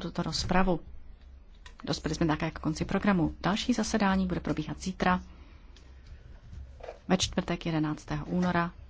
tuto rozpravu. Dospěli jsme také k konci programu. Další zasedání bude probíhat zítra ve čtvrtek 11. února